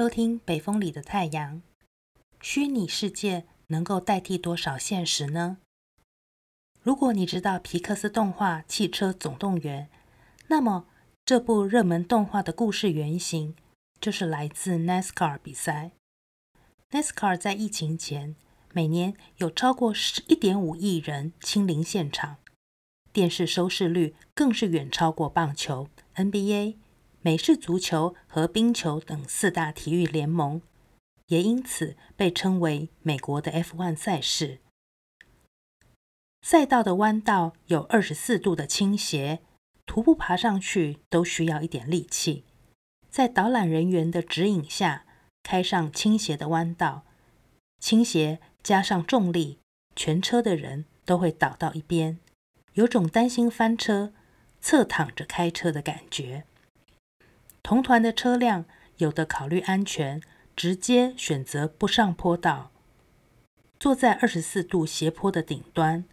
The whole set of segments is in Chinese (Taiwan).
收聽《北風裡的太陽》，虛擬世界能夠代替多少現實呢？如果你知道皮克斯動畫《汽車總動員》，那麼這部熱門動畫的故事原型就是來自 NASCAR 比賽。NASCAR 在疫情前，每年有超過一點五億人親臨現場，電視收視率更是遠超過棒球、NBA、美式足球和冰球等四大體育聯盟，也因此被稱為美國的 F1 賽事。賽道的彎道有二十四度的傾斜，徒步爬上去都需要一點力氣。在導覽人員的指引下，開上傾斜的彎道，傾斜加上重力，全車的人都會倒到一邊，有種擔心翻車、側躺着開車的感覺。同團的車輛，有的考慮安全，直接選擇不上坡道，坐在二十四度斜坡的頂端，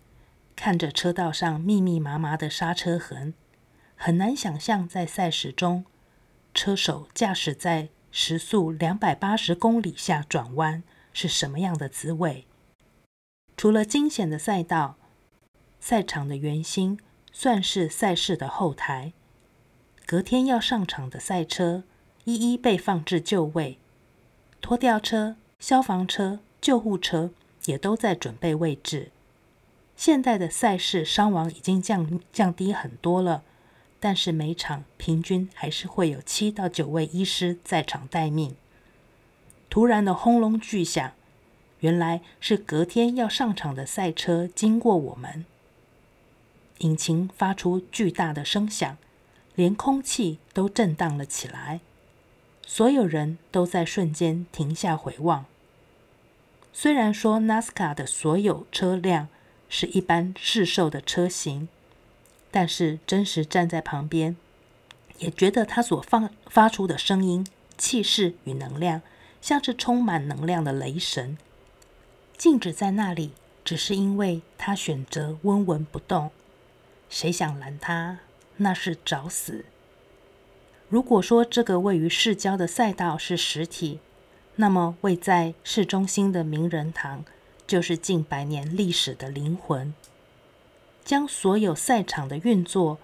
看着車道上密密麻麻的剎車痕，很難想象在賽事中，車手駕駛在時速兩百八十公里下轉彎是什麼樣的滋味。除了驚險的賽道，賽場的圓心算是賽事的後台。隔天要上場的賽車一一被放置就位，拖吊車、消防車、救護車也都在準備位置。現代的賽事傷亡已經降降低很多了，但是每場平均還是會有七到九位醫師在場待命。突然的轟隆巨響，原來是隔天要上場的賽車經過我們，引擎發出巨大的聲響。連空氣都震盪了起來，所有人都在瞬間停下回望。雖然說 NASCAR 的所有車輛是一般市售的車型，但是真實站在旁邊，也覺得他所放發出的聲音、氣勢與能量，像是充滿能量的雷神，靜止在那裡，只是因為他選擇溫文不動。誰想攔他？那是找死。如果說這個位於市郊的賽道是實體，那麼位在市中心的名人堂就是近百年歷史的靈魂。將所有賽場的運作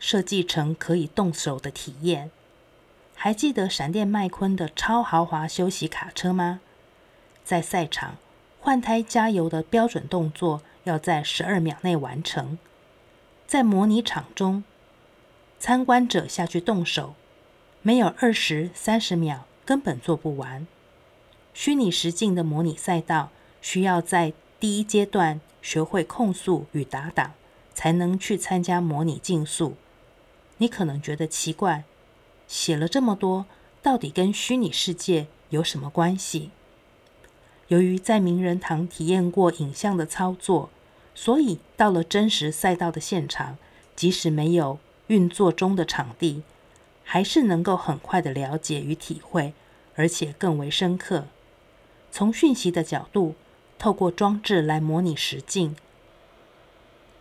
設計成可以動手的體驗。還記得閃電麥坤的超豪華休息卡車嗎？在賽場換胎加油的標準動作要在十二秒內完成，在模擬場中。參觀者下去動手，沒有二十、三十秒根本做不完。虛擬實境的模擬賽道需要在第一階段學會控速與打擋，才能去參加模擬競速。你可能覺得奇怪，寫了這麼多，到底跟虛擬世界有什麼關係？由於在名人堂體驗過影像的操作，所以到了真實賽道的現場，即使沒有。運作中的場地，還是能夠很快的了解與體會，而且更為深刻。從訊息的角度，透過裝置來模擬實境，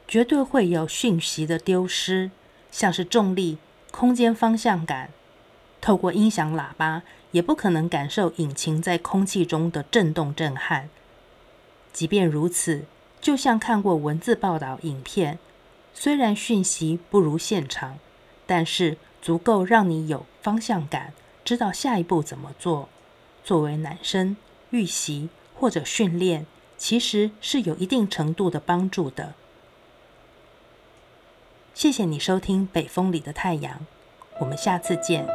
絕對會有訊息的丟失，像是重力、空間方向感。透過音響喇叭，也不可能感受引擎在空氣中的震動震撼。即便如此，就像看過文字報道、影片。雖然訊息不如現場，但是足夠讓你有方向感，知道下一步怎麼做。作為暖身，預習或者訓練，其實是有一定程度的幫助的。謝謝你收聽《北風裡的太陽》，我們下次見。